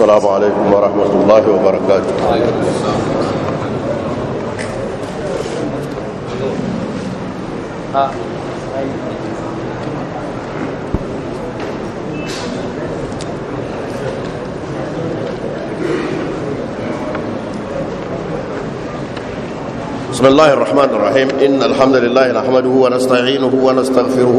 السلام عليكم ورحمة الله وبركاته بسم الله الرحمن الرحيم إن الحمد لله نحمده ونستعينه ونستغفره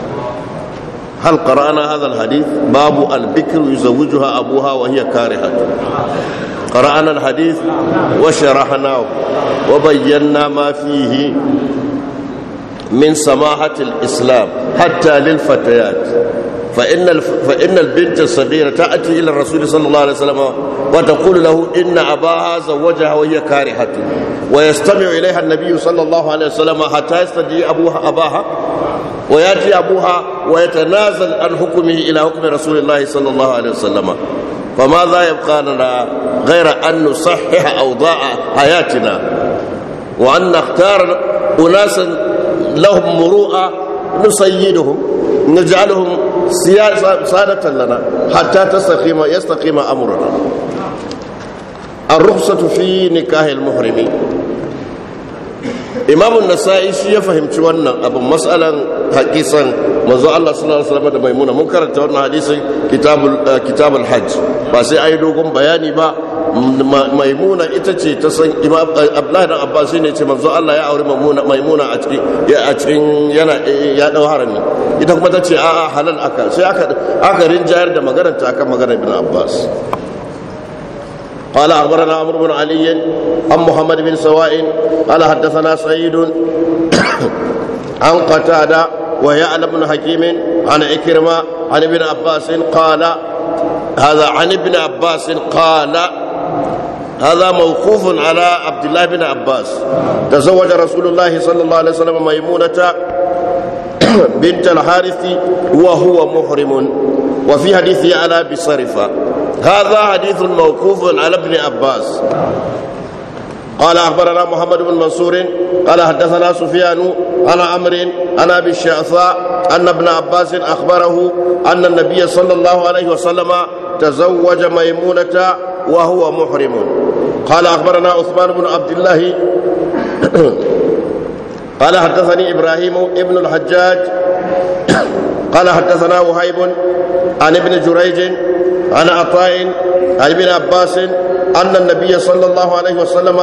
هل قرأنا هذا الحديث باب البكر يزوجها أبوها وهي كارهة قرأنا الحديث وشرحناه وبينا ما فيه من سماحة الإسلام حتى للفتيات فإن, الف... فإن البنت الصغيرة تأتي إلى الرسول صلى الله عليه وسلم وتقول له إن أباها زوجها وهي كارهة ويستمع إليها النبي صلى الله عليه وسلم حتى يستدعي أبوها أباها وياتي ابوها ويتنازل عن حكمه الى حكم رسول الله صلى الله عليه وسلم فماذا يبقى لنا غير ان نصحح اوضاع حياتنا وان نختار اناسا لهم مروءه نسيدهم نجعلهم سياسه ساده لنا حتى تستقيم يستقيم امرنا الرخصه في نكاح المحرمين imamun nasa'i shi ya fahimci wannan abin matsalan hakisan manzo Allah sallallahu alaihi wasallam da maimuna mun karanta wannan hadisin kitabul eh, kitabul hajj ba sai ayi dogon bayani ba maimuna ita ce ta san imam eh, abdullahi dan abbas ne ce manzo Allah ya aure maimuna maimuna a cikin a cikin yana eh, ya dau harami ita kuma ta ce a'a halal aka sai aka aka rinjayar da maganar ta akan magana ibn abbas قال أخبرنا عمرو بن علي عن محمد بن سواء قال حدثنا سعيد عن قتادة ويعلى بن حكيم عن إكرمة عن ابن عباس قال هذا عن ابن عباس قال هذا موقوف على عبد الله بن عباس تزوج رسول الله صلى الله عليه وسلم ميمونة بنت الحارث وهو محرم وفي حديث على بصرفة هذا حديث موقوف على ابن عباس قال اخبرنا محمد بن منصور قال حدثنا سفيان عن امر عن ابي الشعثاء ان ابن عباس اخبره ان النبي صلى الله عليه وسلم تزوج ميمونه وهو محرم قال اخبرنا عثمان بن عبد الله قال حدثني ابراهيم ابن الحجاج قال حدثنا وهيب عن ابن جريج عن عطاء عن ابن عباس أن النبي صلى الله عليه وسلم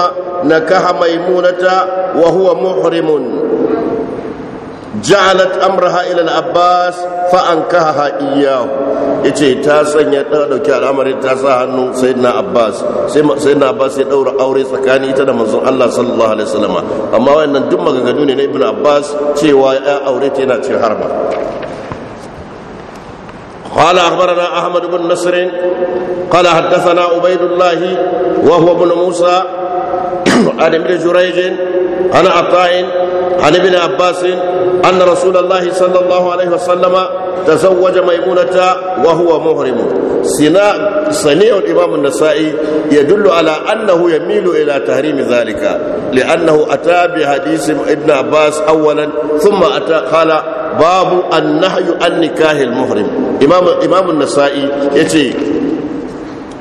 نكح ميمونة وهو محرم جعلت أمرها إلى العباس فأنكحها إياه yace ta sanya ta dauki al'amarin ta sa hannu sayyidina abbas sayyidina abbas ya daura aure tsakanin ita da manzon Allah sallallahu alaihi wasallam amma wannan duk maganganu ne na ibnu abbas cewa ya aure ta yana cin harba قال أخبرنا أحمد بن نصر قال حدثنا عبيد الله وهو بن موسى عن ابن جريج عن عطاء عن ابن عباس أن رسول الله صلى الله عليه وسلم تزوج ميمونة وهو مهرم سناء صنيع الإمام النسائي يدل على أنه يميل إلى تحريم ذلك لأنه أتى بحديث ابن عباس أولا ثم أتى قال باب النهي عن نكاه المهرم imamun nasa'i ya ce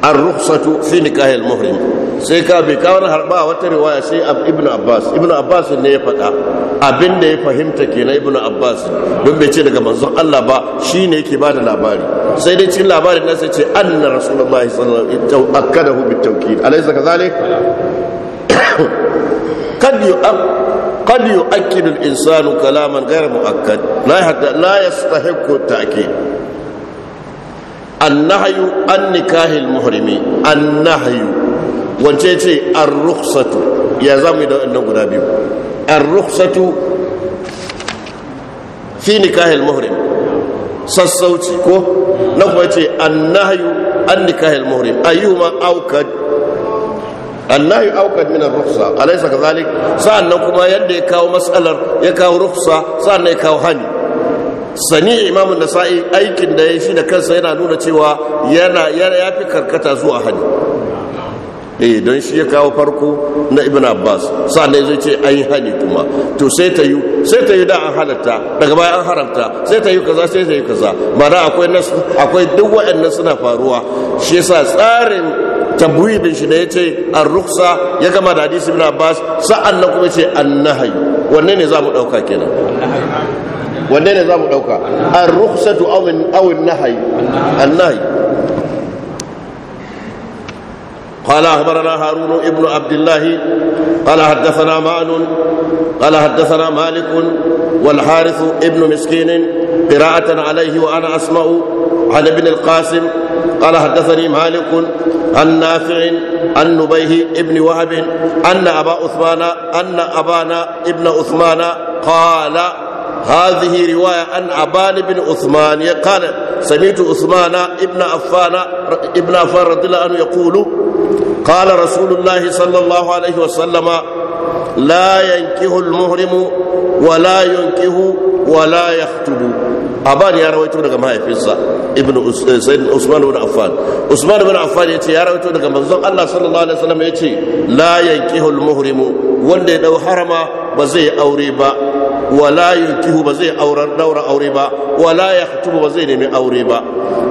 an rukhsatu fi nikahil muhrim sai ka bai kawo na harba wata riwaya sai Ibn abbas Ibn abbas ne ya faɗa abin da ya fahimta kenan ibnu abbas don bai ce daga manzon Allah ba shine yake da labari sai dai cikin labarin nan ce an na rasulullahi sallallahu alaihi wasallam akkadahu bitawkid alaysa kazalik kad yu'ab قد yu الإنسان insanu kalaman مؤكد لا لا يستحق التأكيد annahayu an nikahil muhrimi annahayu wance ce ar-rukhsatu ya zamu da wannan guda biyu ar-rukhsatu fi nikahil muhrim sassauci ko na kuma ce annahayu an nikahil muhrim ayyuma aukad annahayu aukad min ar-rukhsa alaysa kadhalik kuma yadda ya kawo mas'alar ya kawo rukhsa sa'annan ya kawo hani sani imamu nasa'i aikin da ya shi da kansa yana nuna cewa yana ya fi karkata zuwa hali eh don shi ya kawo farko na ibn abbas sannan zai ce an yi kuma to sai ta yi sai ta yi da an halatta daga baya an haramta sai ta yi kaza sai ta yi kaza mana akwai nasu akwai duk waɗannan suna faruwa shi yasa tsarin bin shi da ce an ruksa ya gama da hadisi ibn abbas sa'an na kuma ce an nahayi. wanne ne za mu ɗauka kenan wanne ne za الرخصه او او النهي النهي قال أخبرنا هارون ابن عبد الله قال حدثنا مال قال حدثنا مالك والحارث ابن مسكين قراءة عليه وأنا أسمع عن ابن القاسم قال حدثني مالك عن نافع عن نبيه ابن وهب أن أبا عثمان أن أبانا ابن عثمان قال هذه رواية عن عبان بن عثمان قال سمعت عثمان ابن عفان ابن عفان رضي الله عنه يقول قال رسول الله صلى الله عليه وسلم لا ينكه المهرم ولا ينكه ولا يخطب aban ya rawaito daga mahaifinsa ibnu sayyid usman ibn usman ibn affan yace ya rawaito daga manzon Allah sallallahu alaihi wasallam yace la yankihu al-muhrimu wanda ya dau harama ba zai aure ba wala yankihu ba zai daura aure ba wala yaktubu ba zai nemi aure ba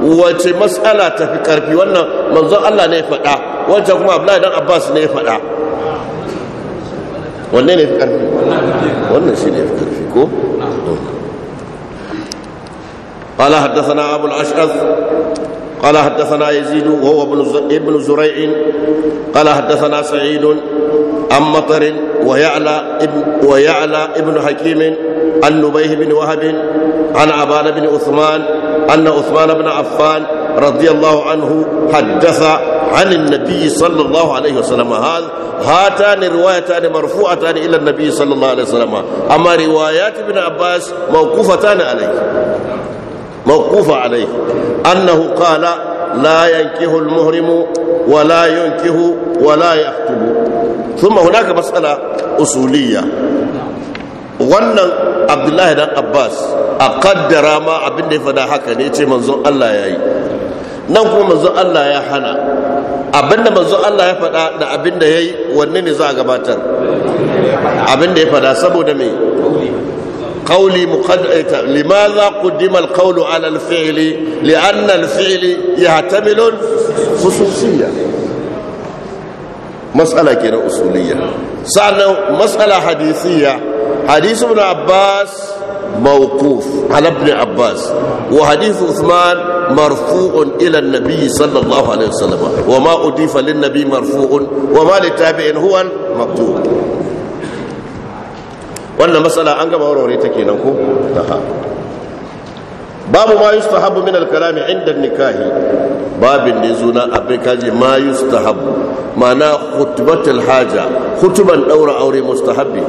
wace mas'ala ta fi karfi wannan manzon Allah ne ya faɗa wancan kuma Abdullahi dan Abbas ne ya faɗa wanne ne fi karfi wannan shi ne fi karfi ko قال حدثنا أبو الأشعث قال حدثنا يزيد وهو ابن زريع قال حدثنا سعيد عن مطر ويعلى ابن ويعلى ابن حكيم عن نبيه بن وهب عن عبان بن عثمان أن عثمان بن عفان رضي الله عنه حدث عن النبي صلى الله عليه وسلم هذا هاتان روايتان مرفوعتان إلى النبي صلى الله عليه وسلم أما روايات ابن عباس موقوفتان عليه موقوفة عليه أنه قال لا ينكه المهرم ولا ينكه ولا يخطب ثم هناك مسألة أصولية wannan abdullahi dan abbas a kaddara ma abin da ya fada haka ne ce manzon allah ya yi nan kuma manzon allah ya hana abin da manzon allah ya fada da abin da ya yi wanne ne za a gabatar abin da ya fada saboda me قولي مقدمة لماذا قدم القول على الفعل لأن الفعل يحتمل خصوصية matsala kenan usuliyya sannan matsala hadisiyya hadith ibn abbas موقوف usman ابن عباس وحديث عثمان مرفوع إلى النبي wa ma عليه وسلم وما أضيف للنبي مرفوع وما لتابع هو مقطوع wannan matsala an gaba warware ta kenan ko babu ma yustahabu min al-kalami inda nikahi babin da yazo na abin kaji ma ma ma'ana hutubatul haja hutuban daura aure mustahabbi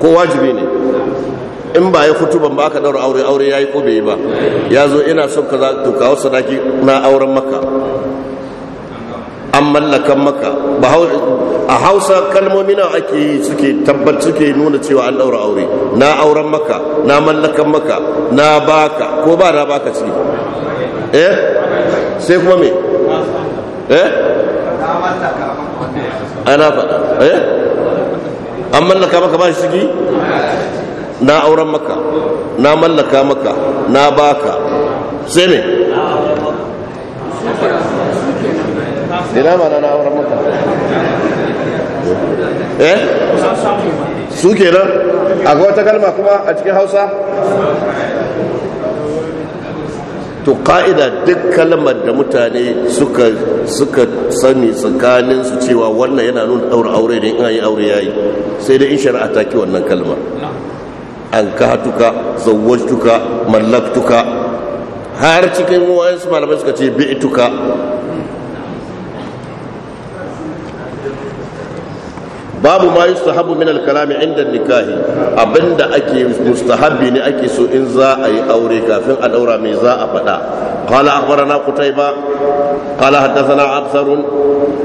ko wajibi ne in ba ya hutuban ba aka daura aure aure ya yi ko bai yi ba ya zo ina son kaza to kawo sadaki na auren maka an mallakan maka a hausa kalmomi na ake yi suke tabbat suke nuna cewa an daura aure na auren maka na mallakan maka na baka ko ba na baka ciki eh sai kuma me eh ana faɗa eh an mallaka maka ba shi ciki na auren maka na mallaka maka na baka sai me ina mana na auren maka eh su a ga wata kalma kuma a cikin hausa to ka'ida duk kalmar da mutane suka suka sani tsakanin su cewa wannan yana nuna daura aure ne in yi aure yayi sai dai in shari'a ta ke wannan kalmar an hatuka zawwajtuka mallaktuka har cikin wayan su malamai suka ce bi'tuka babu ma yustahabu min al-kalam inda nikahi abinda ake mustahabi ne ake so in za a yi aure kafin a daura mai za a faɗa qala akhbarana qutayba qala hadathana absar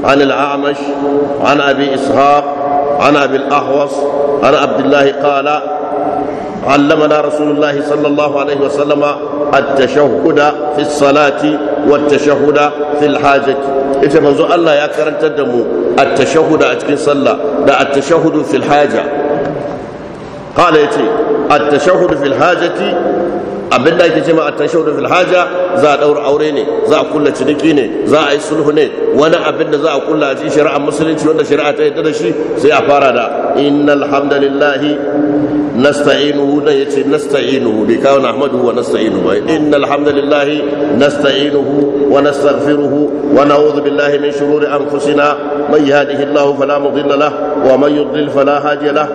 an al-a'mash an abi ishaq an abi al-ahwas an abdullah qala علمنا رسول الله صلى الله عليه وسلم التشهد في الصلاة والتشهد في الحاجة إذا منذ الله يا كرن تدمو التشهد أتكن صلى دا التشهد في الحاجة قال يتي التشهد في الحاجة abin da ake ce ma attashau da filhaja za a daura aure ne za a kulla ciniki ne za a yi sulhu ne wani abin da za a kulla a cikin shari'ar musulunci wanda shari'a ta yadda da shi sai a fara da innal hamdalillahi nasta'inuhu da yace nasta'inuhu bai kawo ahmadu wa nasta'inuhu innal hamdalillahi nasta'inuhu wa nastaghfiruhu wa na'udhu billahi min shururi anfusina man yahdihillahu fala mudilla lahu wa man yudlil fala hadiya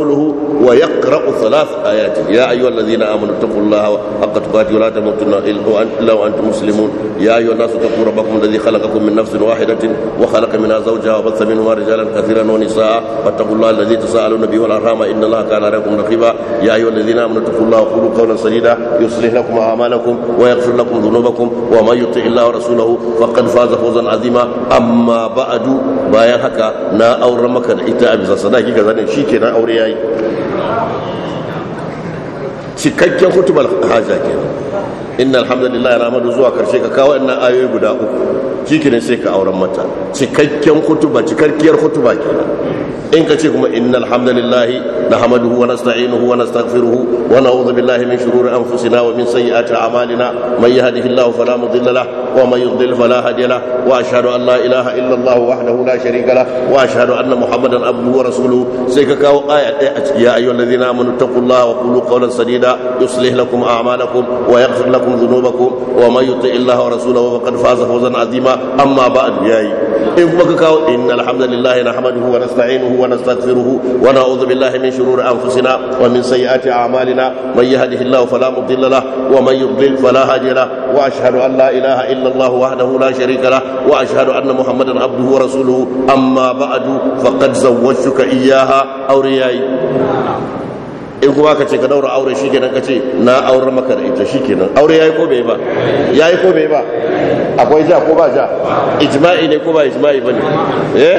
ورسوله ويقرأ ثلاث آيات يا أيها الذين آمنوا اتقوا الله حق تقاته ولا تموتن إلا وأنتم مسلمون يا أيها الناس اتقوا ربكم الذي خلقكم من نفس واحدة وخلق منها زوجها وبث منهما رجالا كثيرا ونساء واتقوا الله الذي تساءلون به والأرحام إن الله كان عليكم رقيبا يا أيها الذين آمنوا اتقوا الله وقولوا قولا سديدا يصلح لكم أعمالكم ويغفر لكم ذنوبكم ومن يطع الله ورسوله فقد فاز فوزا عظيما أما بعد bayan haka na auren maka da ita a bisa sadaki ka zanin shi kenan aure yayi yi cikakken hutubar hajja ke inna alhamdulillah ya ramadu zuwa karshe ka kawo ina ayoyi guda uku shi sai ka auren mata cikakken hutuba cikakkiyar hutuba kenan in ka ce kuma innal na nahmaduhu wa nasta'inuhu wa nastaghfiruhu wa na'udhu billahi min shururi anfusina wa min sayyiati a'malina man yahdihillahu fala mudilla lah wa man yudlil fala hadiya lah wa ashhadu an la ilaha illa allah wahdahu la sharika lah wa ashhadu anna muhammadan abduhu wa rasuluhu sai ka kawo aya ɗaya a ciki ya ayyuhallazina amanu taqullaha wa qulu qawlan sadida yuslih lakum a'malakum wa yaghfir lakum dhunubakum wa man yuti illaha wa rasulahu faqad faza fawzan azima amma ba'd yayi in kuma ka kawo innal hamdalillahi nahmaduhu wa nasta'inuhu ونستغفره ونعوذ بالله من شرور أنفسنا ومن سيئات أعمالنا من يهده الله فلا مضل له ومن يضلل فلا هادي له وأشهد أن لا إله إلا الله وحده لا شريك له وأشهد أن محمدا عبده ورسوله أما بعد فقد زوجتك إياها أورياي in kuma ka ce ka daura aure shi kenan ka ce na auren maka da ita shi kenan aure ya yi ko bai ba ya yi ko bai ba akwai ja ko ba ja ijma'i ne ko ba ijma'i ba ne eh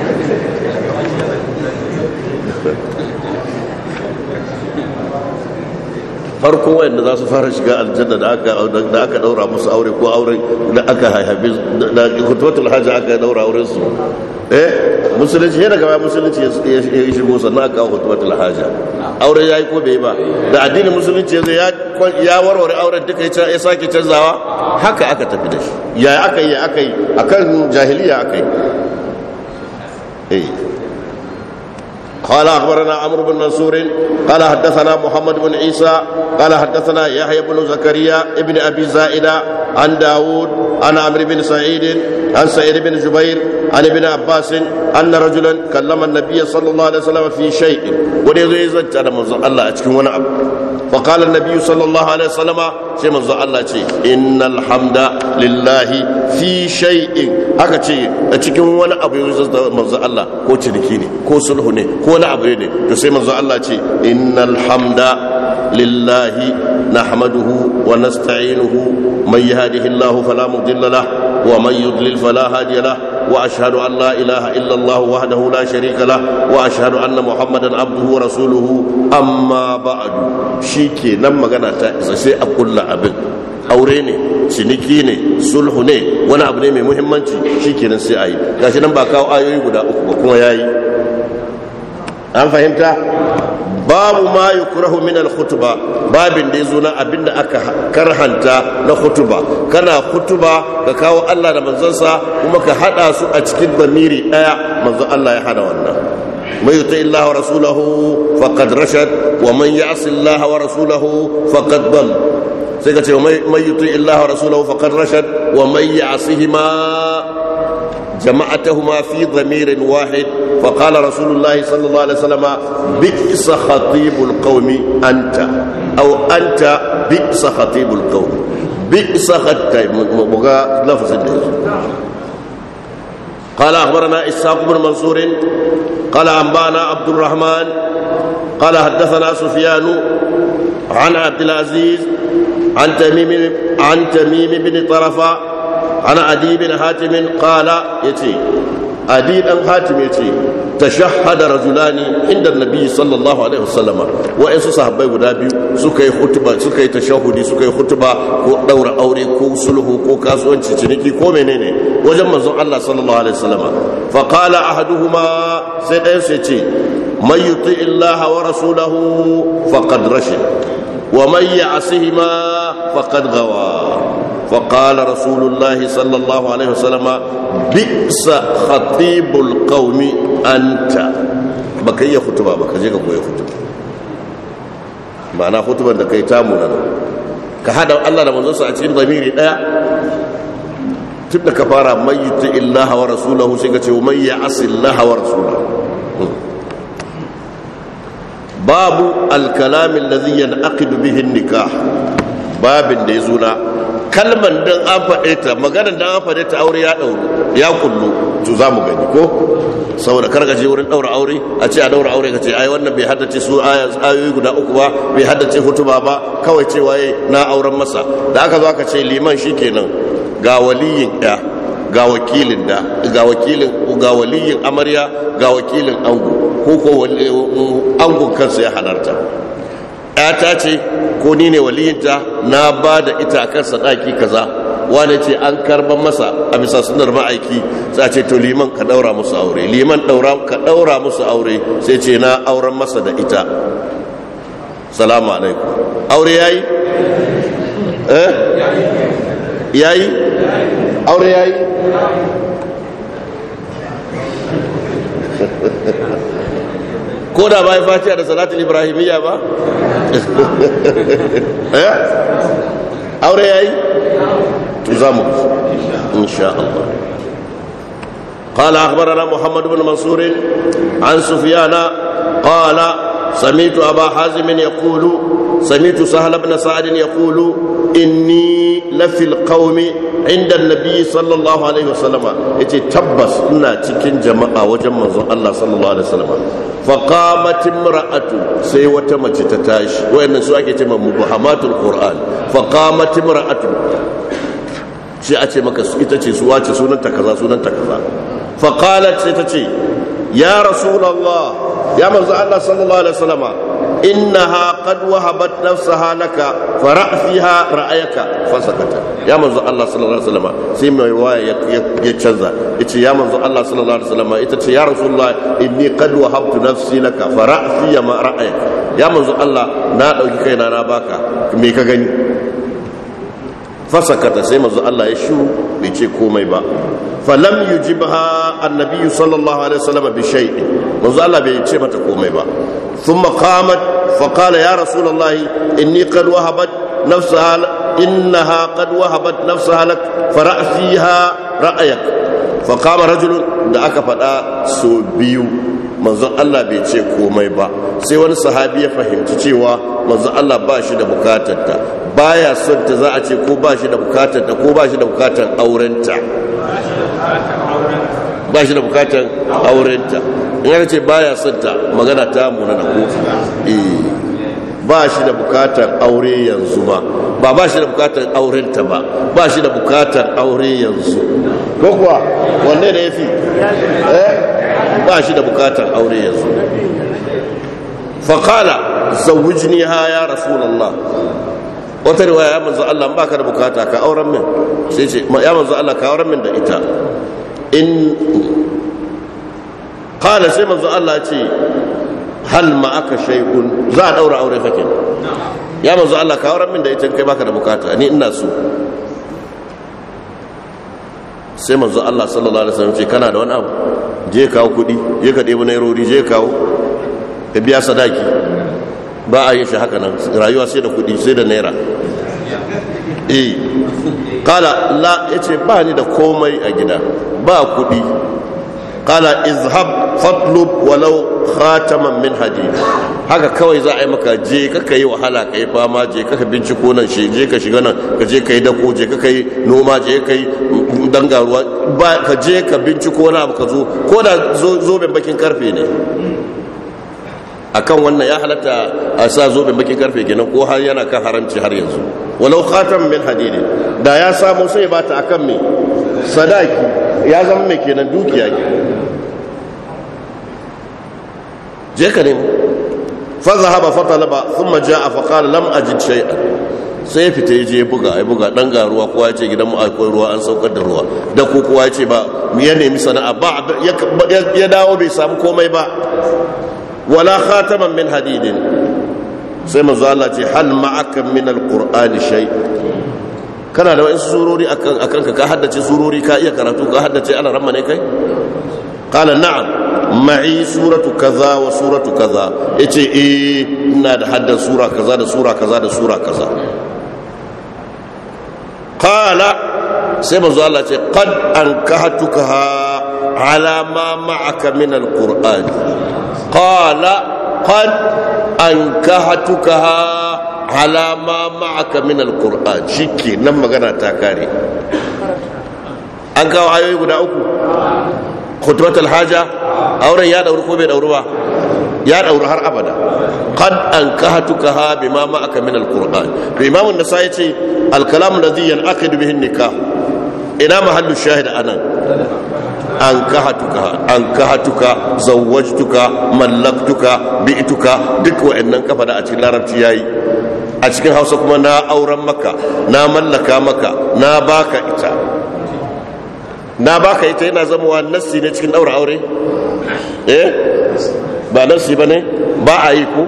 farko da za su fara shiga aljanna da aka da aka daura musu aure ko aure da aka haihabe da khutbatul hajj aka daura auren su eh musulunci ne daga musulunci ya shigo sannan aka khutbatul hajj aure yayi ko bai ba da addinin musulunci ya ya warware auren duka ya sake canzawa haka aka tafi da shi yayi aka yi aka yi akan jahiliya aka yi eh قال أخبرنا عمرو بن منصور قال حدثنا محمد بن عيسى قال حدثنا يحيى بن زكريا ابن أبي زائدة عن داود عن عمرو بن سعيد عن سعيد بن جبير عن ابن عباس أن رجلا كلم النبي صلى الله عليه وسلم في شيء وليزيزت على الله أتكون أبو فقال nabi'u صلى الله عليه وسلم شيء من الله شيء إن الحمد haka ce a cikin wani abu ya Allah ko ciniki ne ko sulhu ne ko wani abu ne to sai manzo Allah ce innal hamda lillahi nahmaduhu wa nasta'inuhu man yahdihi Allah fala mudilla wa man yudlil fala hadiya واشهد ان لا اله الا الله وحده لا شريك له واشهد ان محمدا عبده ورسوله اما بعد شيكي nan magana ta isa sai a aure ne ciniki ne sulhu ne wani abu ne mai muhimmanci shikenan sai ayi yi gashi nan ba kawo ayoyi guda uku ba kuma yayi an fahimta babu ma yukrahu kutuba al-khutba babin da yazo na abinda aka karhanta na kutuba kana kutuba ka kawo Allah da manzansa kuma ka hada su a cikin damiri daya manzo Allah ya hada wannan من يطع الله ورسوله فقد رشد ومن يعص الله ورسوله فقد ضل سيكتب من يطع الله ورسوله فقد رشد ومن يعصهما جمعتهما في ضمير واحد فقال رسول الله صلى الله عليه وسلم بئس خطيب القوم أنت أو أنت بئس خطيب القوم بئس خطيب لفظ قال أخبرنا إسحاق بن منصور قال أنبانا عبد الرحمن قال حدثنا سفيان عن عبد العزيز عن تميم عن تميم بن طرفه ana addinin bin hatimin qala yace adi hatimin hatim yace tashahhada rajulani inda nabi sallallahu alaihi wasallam wa in su sahabbai guda biyu suka yi hutuba suka yi tashahudi suka yi hutuba ko daura aure ko sulhu ko kasuwanci ciniki ko menene wajen manzon Allah sallallahu alaihi wasallam fa qala ahaduhuma sai ɗayan sai ce man yuti illaha wa rasulahu faqad rashid wa man ya'sihima faqad gawa فقال رسول الله صلى الله عليه وسلم بئس خطيب القوم انت بكيه خطبه بكجه كوي خطبه معنى خطبه da kai tamuna kada Allah da manzon sa a cikin zamiri daya tun da ka fara mayyita illaha wa rasulahu sai ce wa mayya asillaha wa rasulahu babu alkalamin da zai yi na akidu bihin nikah babin da ya zuna kalmar don an faɗe ta maganar don an faɗe ta aure ya ɗauru ya kullu to za mu gani ko saboda karkace wurin ɗaura aure a ce a ɗaura aure ka ce ai wannan bai haddace su ayoyi guda uku ba bai haddace hutuba ba kawai cewa waye na auren masa da aka zo aka ce liman shi kenan ga waliyin ɗa ga wakilin da ga wakilin ga waliyin amarya ga wakilin ango ko ko angon kansa ya halarta ta ce ko ni ne waliyinta na ba da ita kan sadaki kaza wani ce an karban masa a bisa sunar ma'aiki sai ce to liman ka daura musu aure liman daura ka daura musu aure sai ce na auren masa da ita salamu alaikum aure yayi eh yayi aure yayi ko da bai fatiha da salatul ibrahimiyya ba eh aure yayi to zamu insha Allah قال أخبرنا محمد بن منصور عن سفيان قال سمعت حازم يقول سمعت سهل بن سعد يقول إني لفي القوم عند النبي صلى الله عليه وسلم يتي تبس إنا تكين جماعة وجمع الله صلى الله عليه وسلم فقامت امرأة سيوة متتتاش وإن سؤالك يتم مبهمات القرآن فقامت امرأة sai a ce maka ita ce suwa ce sunanta kaza sunanta kaza faqalat sai ta ce ya rasulullah ya manzo Allah sallallahu alaihi wasallama innaha qad wahabat nafsaha laka fa ra'siha ra'ayaka fa sakata ya manzo Allah sallallahu alaihi wasallam sai mai waya ya canza yace ya manzo Allah sallallahu alaihi wasallam ita ce ya rasulullahi inni qad wahabtu nafsi laka fa ra'si ma ra'ayaka ya manzo Allah na dauki kaina na baka me ka gani fasakata sai mazu Allah ya shu bai ce komai ba falam yujibha annabi sallallahu alaihi wasallam bi shay'in mazu Allah bai ce mata komai ba ثم قامت فقال يا رسول الله إني قد وهبت نفسها إنها قد وهبت نفسها لك فرأسيها رأيك فقام رجل دعك فدا سوبي بيو الله Allah bai سيوان komai فهمت sai wani sahabi ya fahimci Allah ba shi da bukatarta baya son ta za a ce ko ba shi da bukatar ta ko ba shi da bukatar aurenta ba shi da bukatar aurenta in ya ce ba son ta magana ta muna na kofi eh, ba shi da bukatar aure yanzu ba ba ba shi da bukatar aurenta ba ba shi da bukatar aure yanzu ko kuwa wanne da ya fi eh, ba shi da bukatar aure yanzu faƙala zawujni ha ya rasulallah wata riwaya ya manzo Allah ba ka da bukata ka auren min sai ce ya manzo Allah ka auren min da ita in kala sai manzo Allah ya ce hal ma aka shay'un za a daura aure fakin ya manzo Allah ka auren min da ita kai baka da bukata ni ina so sai manzo Allah sallallahu alaihi wasallam ce kana da wani abu je kawo kudi je ka debi nairori je kawo ka biya sadaki ba a yin shi haka nan rayuwa sai da kudi sai da naira eh kala la yace ba ni da komai a gida ba kudi kala izhab fatlub walau khataman min hadid haka kawai za a yi maka je kaka yi wahala ka yi fama je kaka binciko nan shi je ka shiga nan ka je ka yi dako je kaka yi noma je ka yi dangaruwa ka je ka binciko na abu ka zo ko da zoben bakin karfe ne akan wannan ya halatta a sa zoben bakin karfe kenan ko har yana kan haramci har yanzu walau khataman min hadid da ya samu sai ba ta akan me sadaki ya zama mai kenan dukiya kenan je ka nemo fa haɓa fa talaba sun maja a faƙar lam ajid shay'an sai ya fita ya je buga ya buga ɗan ga ruwa kowa ya ce gidan mu akwai ruwa an saukar da ruwa da ko kowa ya ce ba mu ya nemi sana'a ba ya dawo bai samu komai ba wala khataman min hadidin sai manzo Allah ce hal ma'akan min alqur'ani shai kana da wasu surori akan akan ka haddace surori ka iya karatu ka haddace ramma ne kai kala na'am ma'i suratu kaza wa suratu kaza yace eh ina da haddan sura kaza da sura kaza da sura kaza qala sai manzo Allah ce qad ankahatuka ala ma ma'aka min alquran qala qad ankahatuka ala ma ma'aka min alquran shike nan magana ta kare an kawo ayoyi guda uku khutbatul haja auren ya dauri ko bai dauri ba ya dauri har abada qad ankahatuka ha bima ma aka min alquran to imam an-nasai ce al-kalam alladhi yanaqid bihi nikah ina mahallu shahid anan ankahatuka ankahatuka zawwajtuka mallaktuka bi'tuka duk wa'annan kafa da a cikin larabci yayi a cikin hausa kuma na auren maka na mallaka maka na baka ita na ba yi ita yana zamowa nassi ne cikin daura aure eh ba nassi ba ne ba a yi ku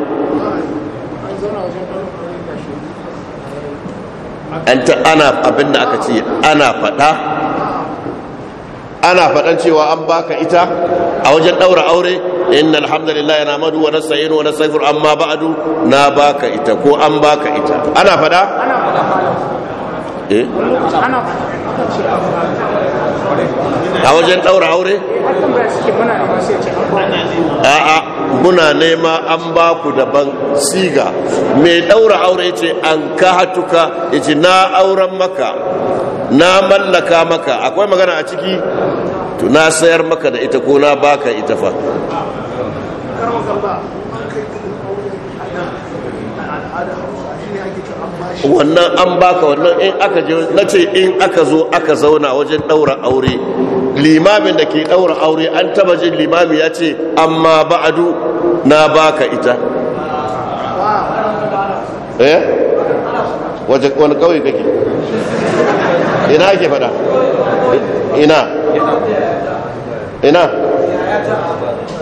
an ta ana abinda aka ce ana faɗa ana faɗan cewa an baka ita a wajen ɗaura aure inna alhamdulillah yana madu wa nasta'inu wa nastaghfiru amma ba'du na baka ita ko an baka ita ana faɗa eh a wajen ɗaura aure? a'a muna nema an ba ku daban siga mai ɗaura aure ce an ka hatuka ce na auren maka na mallaka maka akwai magana a ciki na sayar maka da ita ko na baka ita fa wannan an baka wannan in aka je na ce in aka zo aka zauna wajen ɗaura aure limamin da ke ɗaura aure an taba jin limami ya ce amma ba'adu na baka ita eh waje wani kawai kake ina ake fada ina ina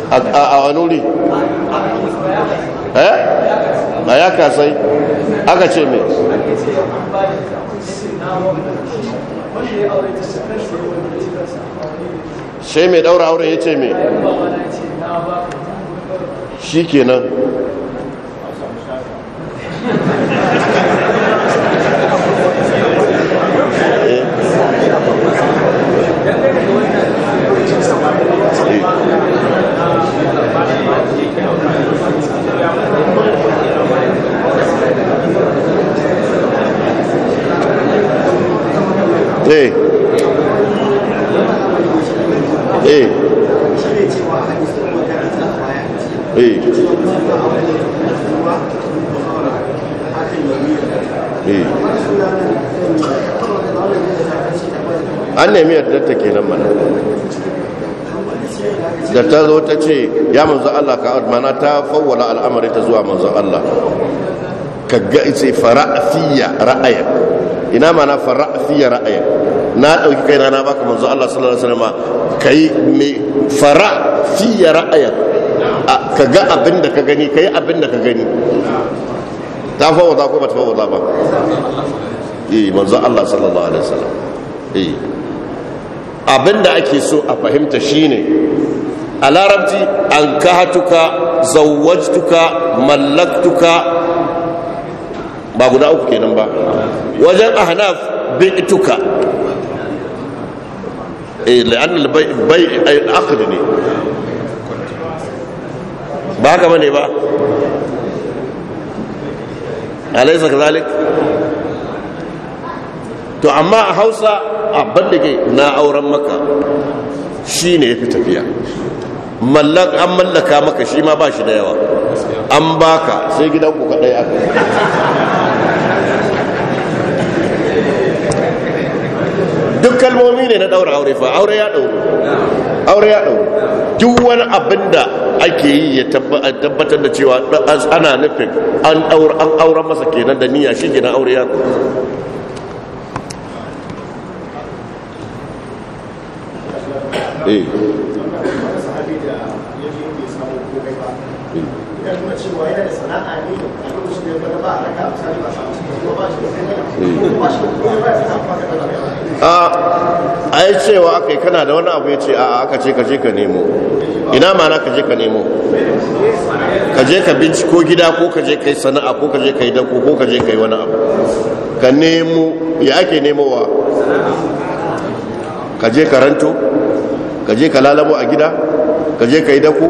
a wani wuri eh na ya kasai aka ce me shi mai daura aure ya ce me shi kenan Eh. Eh. Eh. an nemi yardarta kenan mana da ta zo ta ce ya manzo Allah ka mana ta fawwala al'amari ta zuwa manzo Allah ka ga ita fara'afiyya ra'ayar ina ma na fara fiye ra'ayin na ɗauki kaina na baka manzo Allah sallallahu alaihi wasallam kai me fara fiye ra'ayin ka ga abin da ka gani kai abin da ka gani ta ta ko ba ta fawada ba eh manzo Allah sallallahu alaihi wasallam eh abin da ake so a fahimta shine a larabci an kahatuka zawwajtuka mallaktuka ba guda uku kenan ba wajen ahnaf bi'tuka eh la'an bai akhd ne ba haka bane ba alaysa kadhalik to amma a Hausa abban da ke na auren maka shi ne ya fi tafiya mallak an mallaka maka shi ma ba shi da yawa an baka sai gidan ku kadai aka duk kalmomi ne na daura aure fa aure ya dauro aure ya dauro duk wani abin da ake yi ya tabbatar da cewa ana nufin an auren masa kenan da niyya shi gina aure ya eh a yi cewa aka yi kana da wani abu ya ce a aka ce ka je ka nemo ina mana ka je ka nemo ka je ka binciko gida ko ka je ka yi sana'a ko ka je ka yi dako ko ka je ka yi wani abu ka nemo ya ake nemowa ka je ka ranto ka je ka lalabo a gida ka je ka yi dako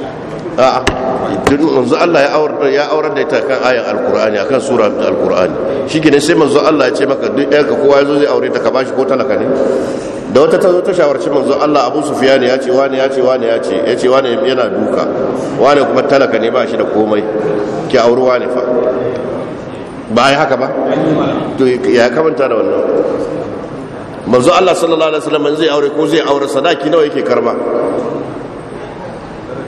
a'a duk manzo Allah ya aurar da ita kan ayan a kan sura Shi gina sai manzo Allah ya ce maka duk ɗaya ka kowa zo zai aure ta ka bashi ko talaka ne da wata ta zo ta shawarci manzo Allah Abu ne ya ce wani ya ce wani ya ce ya ce wani yana duka wani kuma talaka ne ba shi da komai ki auri wani fa ba yi haka ba to ya kamanta da wannan manzo Allah sallallahu alaihi wasallam zai aure ko zai aure sadaki nawa yake karba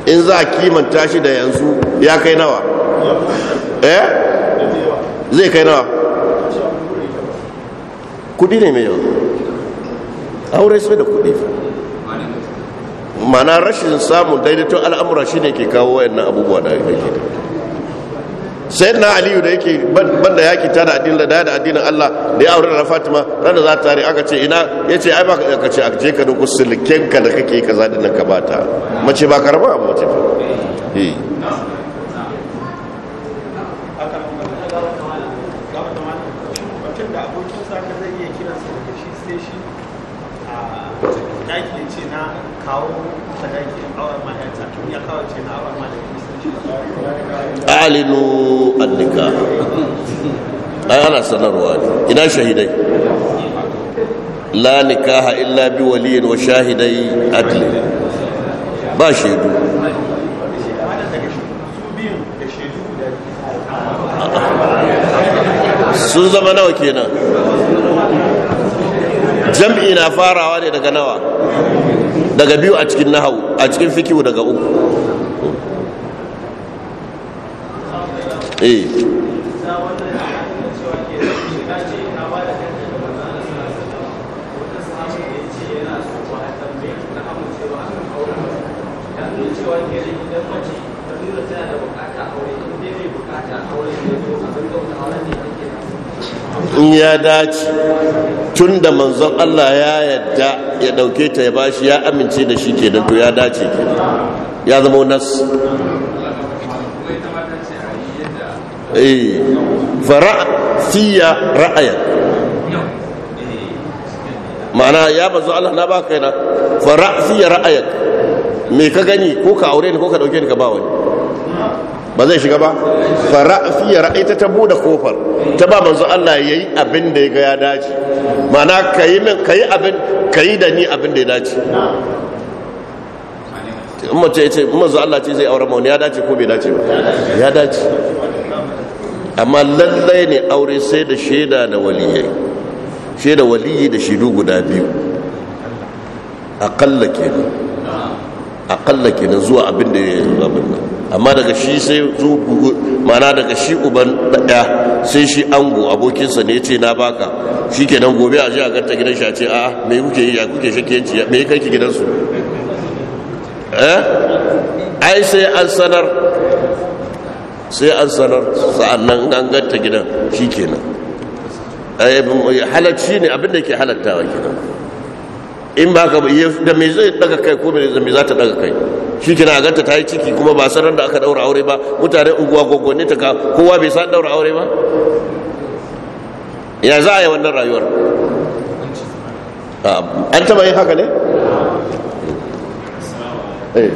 in za a kimanta shi da yanzu ya kai nawa eh zai kai nawa kudi ne mai yanzu aure sai da kudi mana rashin samun daidaiton al'amura shi ne ke kawo wayannan abubuwa da ake da na aliyu da yake banda yaki ta da addinin da da addinin Allah da ya aure da Fatima rana za ta tare aka ce ina ce ai baka ka ce je ka duku sulken ka da kake ka da na ka bata mace ba karba abu mace ba eh kawo alinu annika ai ana sanarwa ne ina shahidai la nikaha illa bi waliyin wa shahidai adli ba shaidu sun zama nawa kenan jam'i na farawa ne daga nawa daga biyu a cikin nahawu a cikin fikihu daga uku Eh. in ya dace tun da manzon Allah ya yadda ya dauke ta ya bashi ya amince da shi kenan to ya dace ya zama nas Eh, fara fiya ra'ayan ma'ana ya manzo Allah na baka kaina fara fiya ra'ayan me ka gani ko ka aure ni ko ka dauke ni ka ba wani ba zai shiga ba fara fiya ra'aita ta bude kofar ta ba manzo Allah yayi abin da ya ga ya dace ma'ana kayi min kayi abin kayi da ni abin da ya dace in mace ya ce manzo Allah ce zai aure mu ya dace ko bai dace ba ya dace amma lallai ne aure sai da shaida da waliyai shaida waliyi da shidu guda biyu akalla kenan akalla kenan zuwa abin da ya yi abin nan amma daga shi sai zuwa mana daga shi uban ɗaya sai shi ango abokinsa ne ce na baka shi kenan gobe a ji a ganta gidan shi a ce a me kuke yi ya kuke shakiyanci me kai ki gidansu eh ai sai an sanar sai an sanar sa'annan an ganta gidan shi kenan eh, halacci ne abinda ke halattawa kenan in ba ka da mai zai daga kai ko mai zai za ta daga kai shi kina ganta ta yi ciki kuma ba sanar da aka daura aure ba mutane unguwa gwaggwanni ta ka kowa bai san daura aure ba ya za a yi wannan rayuwar ah, an taba yin haka ne? eh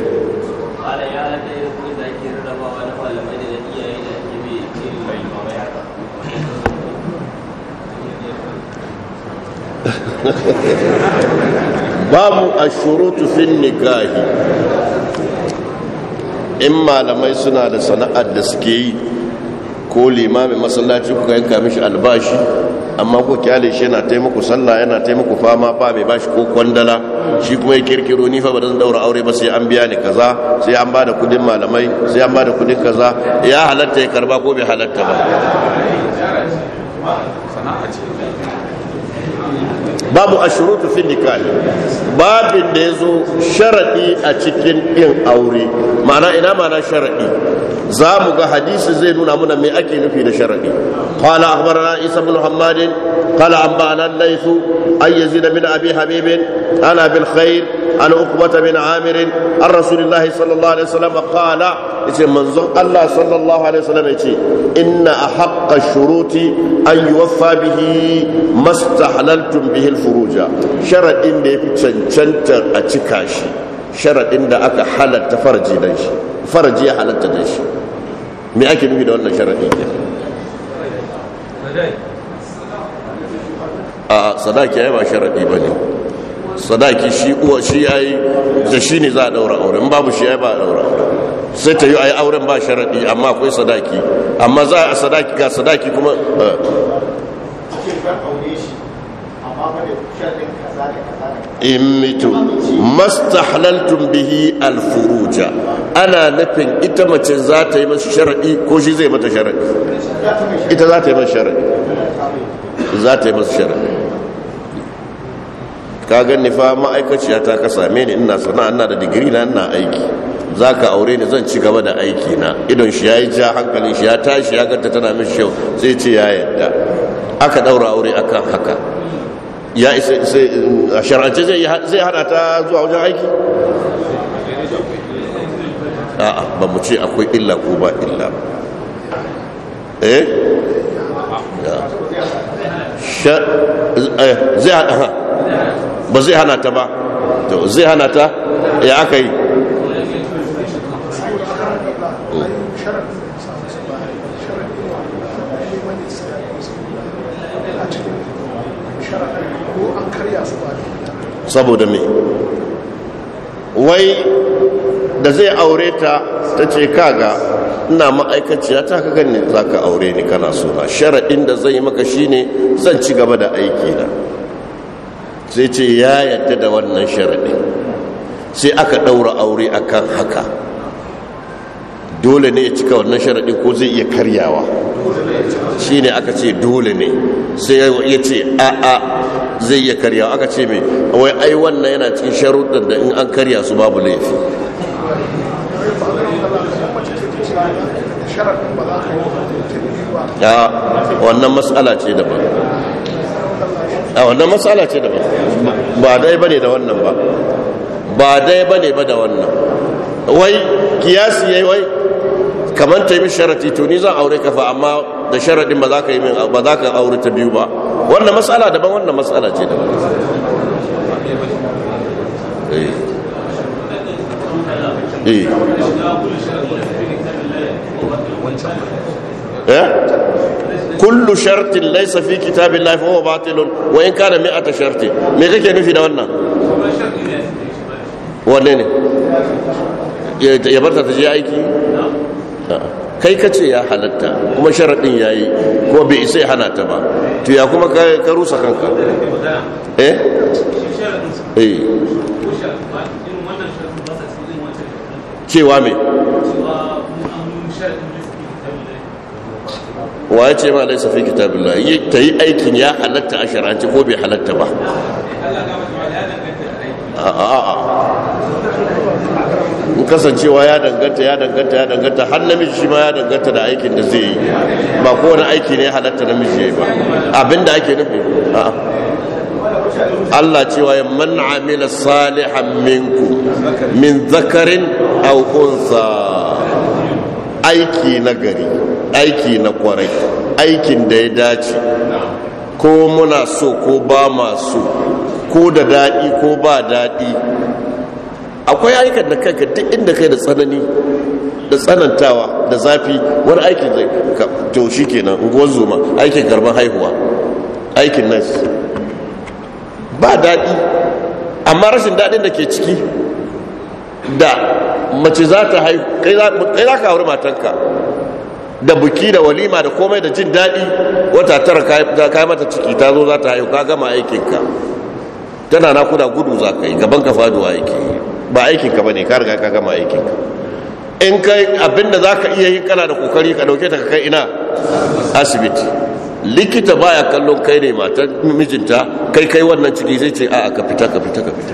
babu ashurutu fin nikahi in malamai suna da sana'ar da suke yi ko limamin masallaci kuka yanka kamishi albashi amma ko kyale shi yana taimako sallah yana taimako fama ba mai bashi ko kwandala shi kuma ya kirkiro nifa ba ba zan daura aure ba sai an biya ni kaza sai an bada kudin malamai sai an bada kudin kaza ya halatta ya karba ko bai halatta ba babu ashurutu fi nikali babin da ya zo sharaɗi a cikin yin aure ma'ana ina ma'ana sharaɗi za mu ga hadisi zai nuna muna mai ake nufi da sharaɗi قال اخبرنا عيسى بن حماد قال انبانا الليث ان يزيد بن ابي حبيب عن ابي الخير عن عقبه بن عامر عن رسول الله صلى الله عليه وسلم قال yace manzon Allah sallallahu alaihi wasallam yace inna ahaqqa shuruti an yuwaffa bihi mastahlaltum bihi al-furuja sharadin da yafi cancanta a cika shi sharadin da aka halatta farji dan shi farji me ake nufi da wannan sharadi a sadaki ya ba sharaɗi ba ne sadaki shi uwa shi ya yi da shi ne za a ɗaura auren babu shi ya ba a daura sai ta yi a yi auren ba sharaɗi amma akwai sadaki amma za a sadaki ga sadaki kuma eh. in mitu mastahlaltum bihi alfuruja ana nufin ita mace za ta yi masa shara'i ko shi zai mata shara'i ita za ta yi masa shara'i za ta yi masa shara'i ka gani fa ma'aikaciya ta ka same ni ina sana'a ina da digiri na ina aiki za ka aure ni zan ci gaba da aiki na idon shi ya yi ja hankalin shi ya tashi ya ganta tana mishi yau sai ce ya yadda aka daura aure akan haka ya isa a shar'ance zai hana ta zuwa wajen aiki a'a ba mu ce akwai illa ko ba illa eh, eh ba zai hana ta ba zai hana ta ya aka yi saboda me wai da zai aure ta ta ce kaga ina ma'aikaciya ta ka gani za ka aure ni kana suna sharaɗin da zai maka shine zan ci gaba da aiki na sai ce ya yadda da wannan sharaɗin sai aka ɗaura aure akan haka dole ne ya cika wannan sharaɗi ko zai iya karyawa shi ne aka ce dole ne sai ya ce a'a zai iya karyawa aka ce mai wai ai wannan yana cikin sharuɗin da in an karya su babu laifi a wannan matsala ce da ba. a wannan matsala ce da ba Ba dai ba ne da wannan ba ba dai ba ne ba da wannan wai kiyasi yayi wai kamar ta yi min sharadi to ni zan aure ka fa amma da sharadin ba za ka yi min ba za ka aure ta biyu ba wannan matsala daban wannan matsala ce daban eh. Eh. eh kullu shartin laysa fi kitabillahi fa huwa batilun wa in kana mi'ata shartin me kake nufi da wannan wanne ne ya barta ta je aiki kai ka ce ya halatta kuma sharaɗin ya yi kuma bai isa ya hana ta ba to ya kuma ka rusa kanka eh eh cewa mai wa ya ce ma laisa fi yi ta yi aikin ya halatta a shar'anci ko bai halatta ba a'a kasancewa ya danganta ya danganta ya danganta har namiji shi ma ya danganta da aikin da zai yi ba kowane aiki ne halatta namiji ya yi ba abinda ake nufi Allah cewa ya man amila salihan minku min zakarin aukunsa aiki na gari aiki na kwarai aikin da ya dace ko muna so ko ba ma ko da daɗi ko ba daɗi akwai ayyukan da kanka duk inda kai da tsanani da tsanantawa da zafi wani aikin zai to ke kenan unguwar zoma aikin karban haihuwa aikin nas ba daɗi amma rashin daɗin da ke ciki da mace za ta haihu kai za ka hauri matanka da buki da walima da komai da jin daɗi wata tara kai mata ciki ta zo za ta haihu ka gama aikinka tana na gudu za ka yi gaban ka faduwa yake yi ba aikinka ba ne ka riga ka gama aikinka in kai abinda za ka iya yi kana da kokari ka dauke ta kai ina asibiti likita baya kallon kai ne matar mijinta kai kai wannan ciki zai ce a'a ka fita ka fita ka fita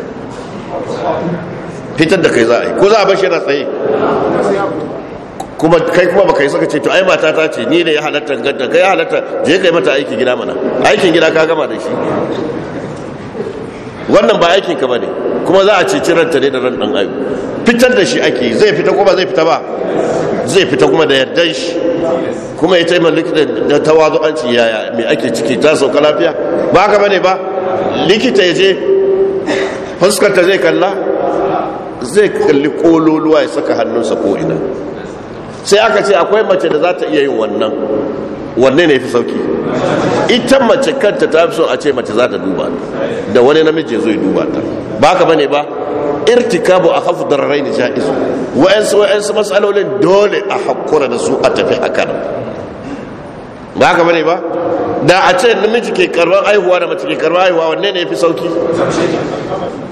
fitar da kai za a yi ko za a bashi yana tsaye kuma kai kuma baka yi saka ce to ai mata ta ce ni ne ya halatta ganta kai halatta je kai mata aikin gida mana aikin gida ka gama da shi wannan ba aikin ka bane kuma za a ceci ranta ne da ran dan ayu fitar da shi ake zai fita kuma zai fita ba zai fita kuma da yardan shi kuma ya taimaka likita da ci yaya mai ake ciki ta sauka lafiya ba haka bane ba likita ya je fuskarta zai kalla zai kalli kololuwa ya saka hannunsa ko ina sai aka ce akwai mace da za ta iya yin wannan wanne ne fi sauki ita mace kanta ta fi so a ce mace za ta duba da wani namiji zai duba ta ba ka bane ba irtikabu a hafu dararai ne ja'izu wa'ansu wa'ansu matsalolin dole a haƙura da su a tafi hakan ba ka bane ba da a ce namiji ke karban aihuwa da mace ke karban aihuwa wanne ne fi sauki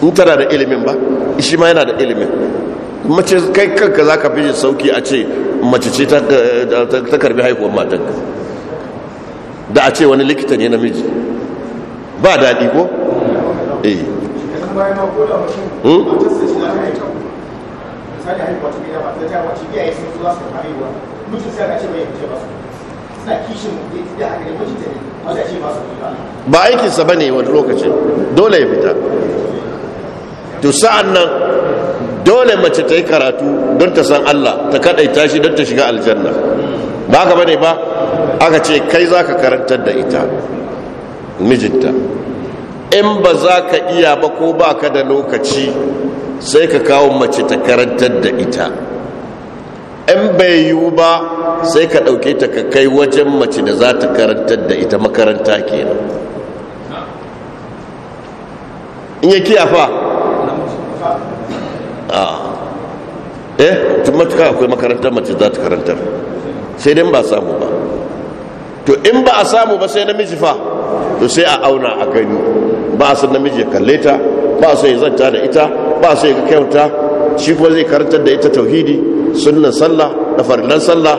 in tana da ilimin ba shi ma yana da ilimin mace kai kanka za ka fi sauki a ce mace ce ta karbi haihuwar matanka da a ce wani likita ne namiji ba daɗi ko? eh hmm? ba aikinsa ba ne wani lokaci dole ya fita to sa'an nan dole mace ta yi karatu don ta san Allah ta kaɗaita shi don ta shiga aljanna ba ka ba ne ba aka ce kai za ka karantar da ita mijinta in ba za ka iya ba ko ba ka da lokaci sai ka kawo mace ta karantar da ita in bai yiwu ba sai ka ɗauke ta ka kai wajen mace da za ta karantar da ita makaranta ke nan. in ya kiyafa a ah. eh tun matuka akwai makarantar mace za ta karantar sai dai ba samu ba to in ba a samu ba sai namiji fa to sai a auna a gani ba a san namiji ya kalle ta ba a sai ya zanta da ita ba a sai ya kyauta shi kuma zai karantar da ita tauhidi sunnan sallah da farilan sallah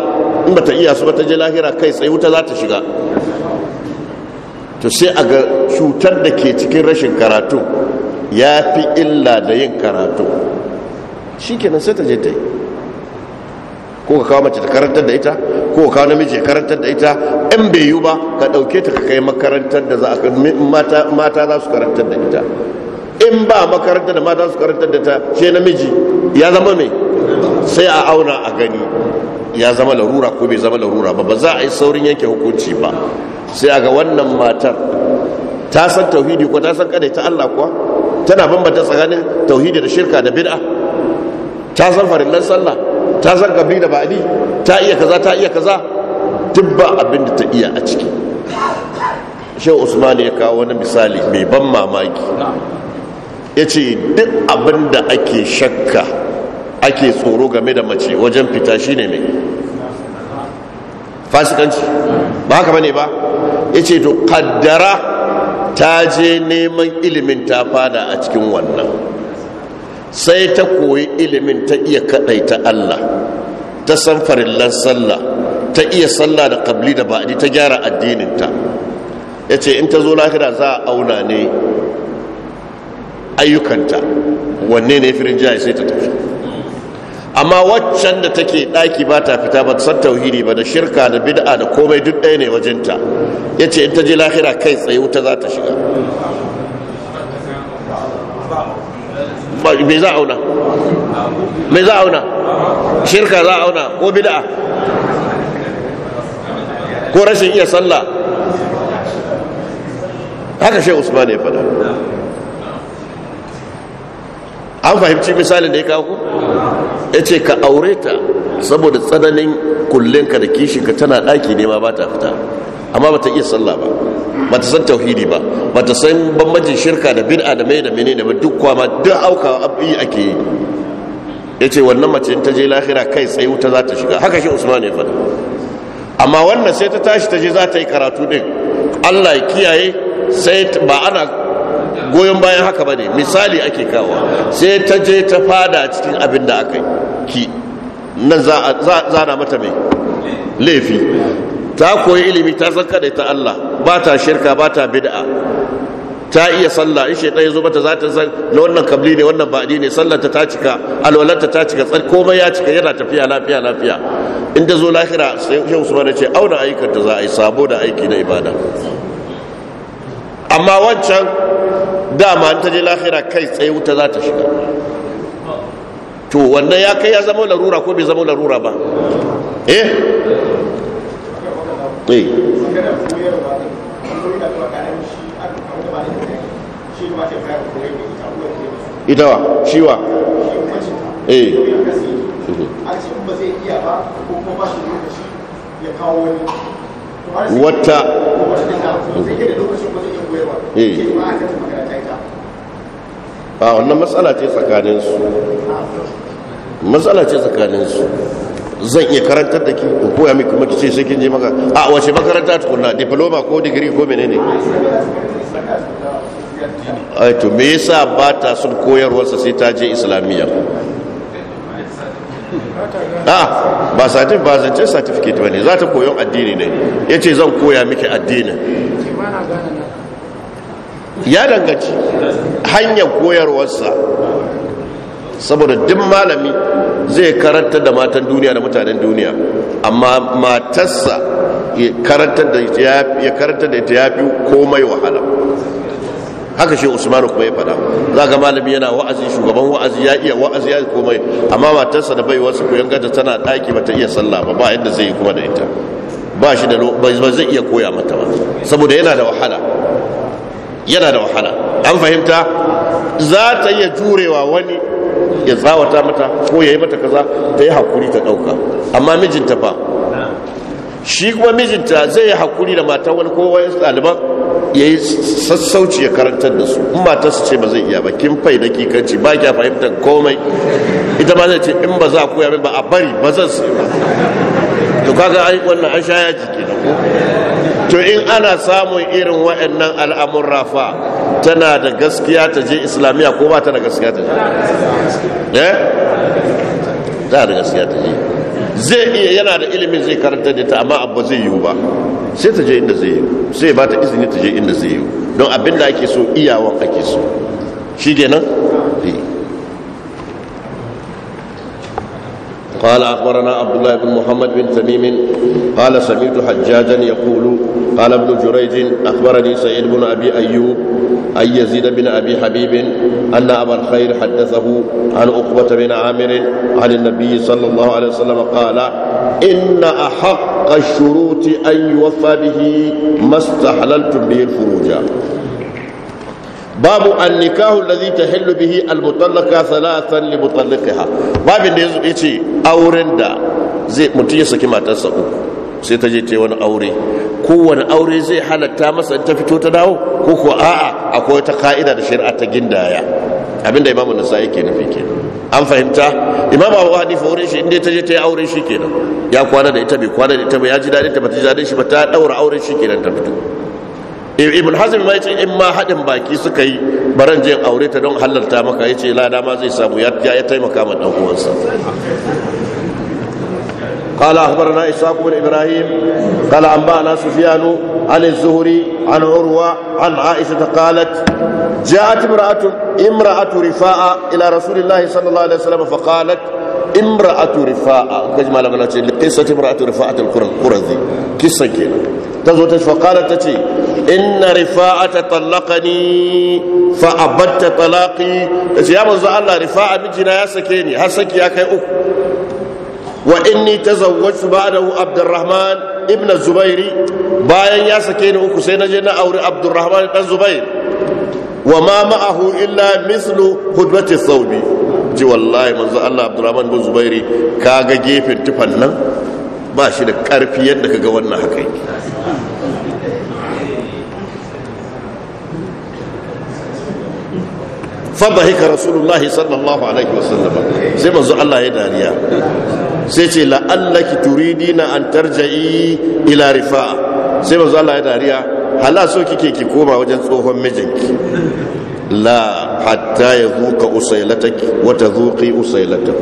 in ta iya su ta je lahira kai tsaye wuta za ta shiga to sai a ga cutar da ke cikin rashin karatu ya fi illa da yin karatu shi kenan sai ta je ta yi ko ka kawo mace ta karantar da ita ko ka kawo namiji ya karantar da ita in bai yiwu ba ka ɗauke ta ka kai makarantar da za a mata mata za su karantar da ita in ba makarantar da mata za su karantar da ta ce namiji ya zama mai sai a auna a gani ya zama larura ko bai zama larura ba ba za a yi saurin yanke hukunci ba sai a ga wannan matar ta san tauhidi ko ta san kada ta Allah kuwa tana bambanta tsakanin tauhidi da shirka da bid'a ta san farillan sallah ta san gabli da ba'adi ta iya kaza ta iya kaza duk ba abin da ta iya a ciki shehu usman ya kawo wani misali mai ban mamaki ya ce duk abin da ake shakka ake tsoro game da mace wajen fita shi ne mai fasikanci ba haka bane ba ya ce to kaddara ta je neman ilimin ta fada a cikin wannan sai ta koyi ilimin ta iya kadaita Allah ta san farillan sallah ta iya sallah da kabli da ba'adi ta gyara addininta ya ce in ta zo lahira za a auna ne ayyukanta wanne ne firin jihar sai ta tafi amma waccan da take daki ba ta fita ba san tauhiri ba da shirka da bid'a da komai duk ɗaya ne wajenta ya ce in ta je lahira kai tsaye wuta za ta shiga me za a auna me za a auna shirka za a auna ko bid'a ko rashin iya sallah haka shi usman ya faɗa an fahimci misalin da ya kawo ya ce ka aure ta saboda tsananin ka da kishinka tana ɗaki ne ma ba ta fita amma ba ta iya sallah ba ba ta san tauhidi ba ba ta san bambancin shirka da bin adamai da mene da duk kwama duk aukawa abu yi ake yi ya ce wannan mace ta je lahira kai tsaye wuta za ta shiga haka shi usman ya faɗa, amma wannan sai ta tashi ta je za ta yi karatu ɗin allah ya kiyaye sai ba ana goyon bayan haka ba ne misali ake kawo sai ta je ta fada cikin abin da aka ki nan za na mata mai laifi ta koyi ilimi ta san kada ta allah ba ta shirka ba ta bid'a ta iya sallah in shekai ya zo mata za ta san na wannan kabli ne wannan baɗi ne sallarta ta cika alwalarta ta cika tsar komai ya cika yana tafiya lafiya lafiya in ta zo lahira sai shehu usman ya ce auna ayyukan ta za a yi sabo da aiki na ibada amma wancan dama an ta je lahira kai tsaye wuta za ta shiga to wannan ya kai ya zama larura ko bai zama larura ba eh eh ita wa shiwa eh wata eh. a ah, wannan matsala ce tsakaninsu matsala ce tsakaninsu zan iya karantar da ki ko koya miki kuma ce sai kin je maka a ah, wace makaranta tukunna diploma ko digiri ko menene to me yasa ba ta son koyarwarsa sai ta je islamiyya a ba satin ba zance certificate ba ne za ta koyon addini ne ya zan koya miki addinin ya danganci hanyar koyarwarsa saboda duk malami zai karanta da matan duniya da mutanen duniya amma matarsa ya karanta da ita ya fi komai wahala haka shi usmanu kuma ya fada za ga malami yana wa'azi shugaban wa'azi ya iya wa'azi ya komai amma matarsa da wasu koyon gata tana daki ba ta iya sallah ba ba yadda zai yi kuma da ita ba shi da ba zai iya koya mata ba saboda yana da wahala yana da wahala an fahimta za ta iya jurewa wani ya tsawata mata ko ya yi mata kaza ta yi hakuri ta ɗauka amma mijinta fa shi kuma mijinta zai yi hakuri da matan wani ko wani ɗaliban ya yi sassauci ya karantar da su in su ce ba zai iya ba kin fai da kikanci ba kya fahimtar komai ita ba zai ce in ba za a koya min ba a bari ba zan sai ba to kaga ai wannan an sha yaji kenan ko to in ana samun irin wa'annan al'amurra fa tana da gaskiya ta je islamiyya ko ba ta gaskiya ta je eh da gaskiya ta je zai iya yana da ilimin zai karanta da ta amma abu zai yiwu ba sai ta je inda zai yiwu sai ba ta izini ta je inda zai yiwu don abin da ake so iyawan ake so shi kenan قال أخبرنا عبد الله بن محمد بن تميم قال سمعت حجاجا يقول قال ابن جريج أخبرني سعيد بن أبي أيوب أن يزيد بن أبي حبيب أن أبا الخير حدثه عن عقبه بن عامر عن النبي صلى الله عليه وسلم قال إن أحق الشروط أن يوفى به ما استحللتم به الفروج babu annikahu ta hillu bihi almutallaka li limutallaqaha babin da yace auren da zai mutum ya saki matarsa uku sai ta je ta wani aure Ko wani aure zai halatta masa ta fito ta dawo ko ko a'a akwai wata ka'ida da shari'a ta gindaya abinda imamu nasa yake nufi ke an fahimta imamu abu hanifa wurin shi inda ta je ta yi aure shi kenan ya kwana da ita bai kwana da ita ba ya ji daɗin ta ba ta ji daɗin shi ba ta ɗaura aure shi kenan ta fito ibn hazm ma yace in ma hadin baki suka yi baran je aure ta don halalta maka yace lada ma zai samu ya ya taimaka ma dan uwansa قال اخبرنا اسحاق بن ابراهيم قال انبانا سفيان عن الزهري عن عروه عن عائشه قالت جاءت امراه امراه رفاعه الى رسول الله صلى الله عليه وسلم فقالت امراه رفاعه كما لما قصه امراه رفاعه القرظي قصه كده ta zo ta faƙalar ta ce inna rifa'a ta tallaka ni fa'abatta talaki ta ce ya manzo Allah rifa'a mijina ya sake ni har saki ya kai uku wa inni tazawwajtu ba'dahu Abdurrahman ibn Zubairi bayan ya sake ni uku sai na je na auri Abdurrahman dan Zubair wa ma ma'ahu illa mislu hudbati thawbi ji wallahi manzo Allah Abdurrahman ibn Zubairi kaga gefen tufan nan ba shi da karfi yadda kaga wannan haka yake hika rasulullahi sallallahu alaihi wasallam sai manzo Allah ya dariya sai ce la'allaki turidina an tarja'i ila rifa'a sai manzo Allah ya dariya hala so kike ki koma wajen tsohon mijinki la hatta yazuqa usailataki wa tazuqi usailatahu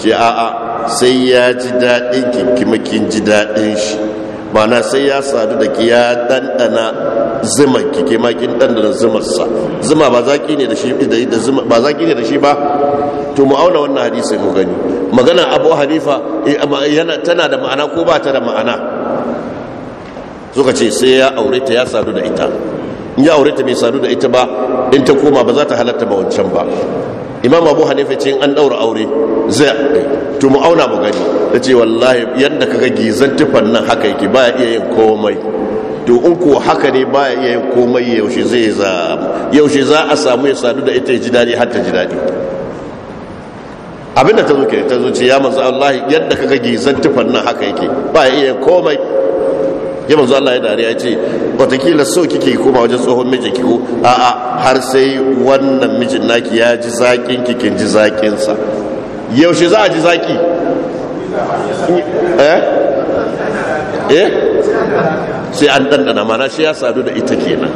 ce a'a sai ya ji dadin ki kuma kin ji dadin shi mana sai ya sadu da ki ya dandana zumar ki ke makin dandana zumar sa zuma ba zaki ne da shi da zuma ba zaki ne da shi ba to mu auna wannan hadisi mu gani magana abu hanifa eh, yana tana da ma'ana ko ba ta da ma'ana suka ce sai ya aure ta ya sadu da ita ya aure ta mai sadu da ita ba in ta koma ba za ta halatta ba wancan ba imam abu hanifa ce an daura aure zai to mu auna mu gani ta ce wallahi yadda kaga gizan tufan nan haka yake baya iya yin komai to in ko haka ne baya iya yin komai yaushe zai za yaushe za a samu ya sadu da ita ya ji daɗi har ta ji daɗi abinda ta zo ke ta zo ce ya manzo Allah yadda kaga gizan tufan nan haka yake baya iya yin komai sai manzo Allah ya dare ya ce Wataƙila so kike koma wajen tsohon miji ki ko a'a har sai wannan mijin naki ya ji zakin ki kin ji zakin sa yaushe za a ji zaki eh eh sai an dandana mana shi ya sadu da ita kenan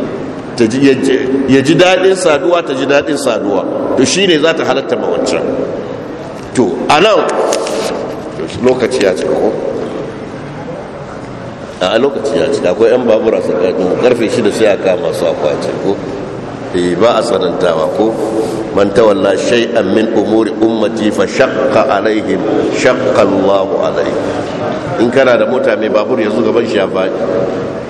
ya ji daɗin saduwa ta ji daɗin saduwa to shi ne za ta halatta ma wancan to a nan lokaci ya ci ko a lokaci ya ci akwai yan babura su karfe shida sai a kama su ko eh, ba a tsanantawa ko man shai shay'an min umuri ummati fa shakka alaihim shakka Allahu alaihi in kana da mota mai babur yanzu gaban shi ya faɗi